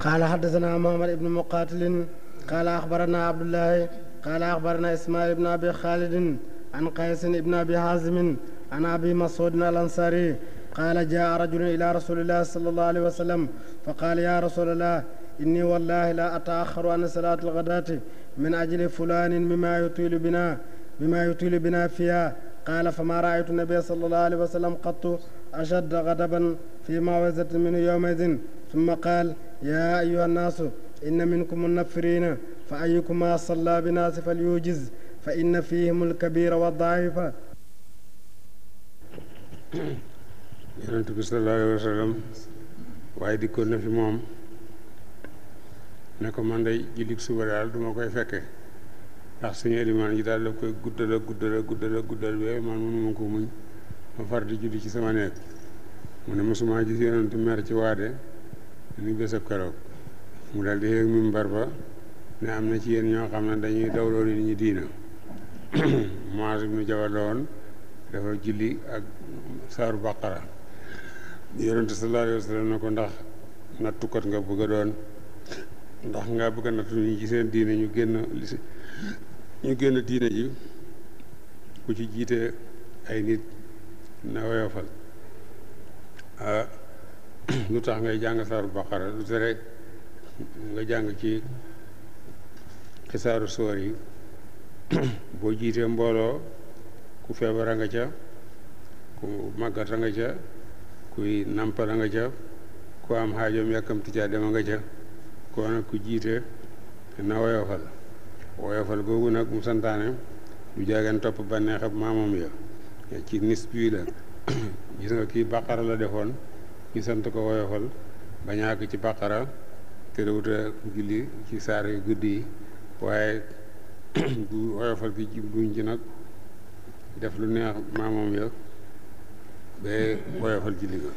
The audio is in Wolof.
قال حدثنا محمد بن مقاتل قال أخبرنا عبد الله قال أخبرنا إسماعيل بن أبي خالد عن قيس بن أبي حازم عن أبي مسعود الأنصاري قال جاء رجل إلى رسول الله صلى الله عليه وسلم فقال يا رسول الله إني والله لا أتأخر عن صلاة الغداة من أجل فلان مما يطيل بنا بما يطيل بنا فيها قال فما رأيت النبي صلى الله عليه وسلم قط أشد غضبا في موعظة منه يومئذ ثم قال yaa ayuha annaasu inna minkum munaffiriina fa ayukuma salla binaasi fal yujiz fa inna fihim alkabira wa daifa yonent wa sallam waaye moom ne ko man day jullit suba daal du koy fekke ndax suñu élimaan yi daal la koy guddal a guddal a man mënuma ko muñ ma far di julli ci sama néeg mu ne mosuma gis yonent mer ci waade ni bésab keroog mu dal di yéeg mimbar ba ne am na ci yéen ñoo xam ne dañuy dawloo nit ñi diina Muaz ibnu Jabal la woon dafa julli ak saaru baqara yonente sallallahu alayhi wa sallam ne ko ndax nattukat nga bëgg a doon ndax nga bëgg a nattu ñi ci seen diine ñu génn ñu génn diine ji ku ci jiite ay nit na woyofal ah, lu tax ngay jàng saaru baqara lu te rek nga jàng ci xisaaru soor yi boo jiitee mbooloo ku feebara nga ca ku màggata nga ca kuy nampara nga ca ku am xaajoom yàkkamti ca dema nga ca koo nag ku jiite na woyofal woyofal googu nag mu santaane du jaageen topp bànneex ab ya ci nis bii la gis nga kii baqara la defoon ñu sant ko woyofal bañ a ci baqara te rewuta julli ci saar yu guddi yi waaye bu woyofal bi jubluñ ci nag def lu neex maamoom ya ba woyofal julli ga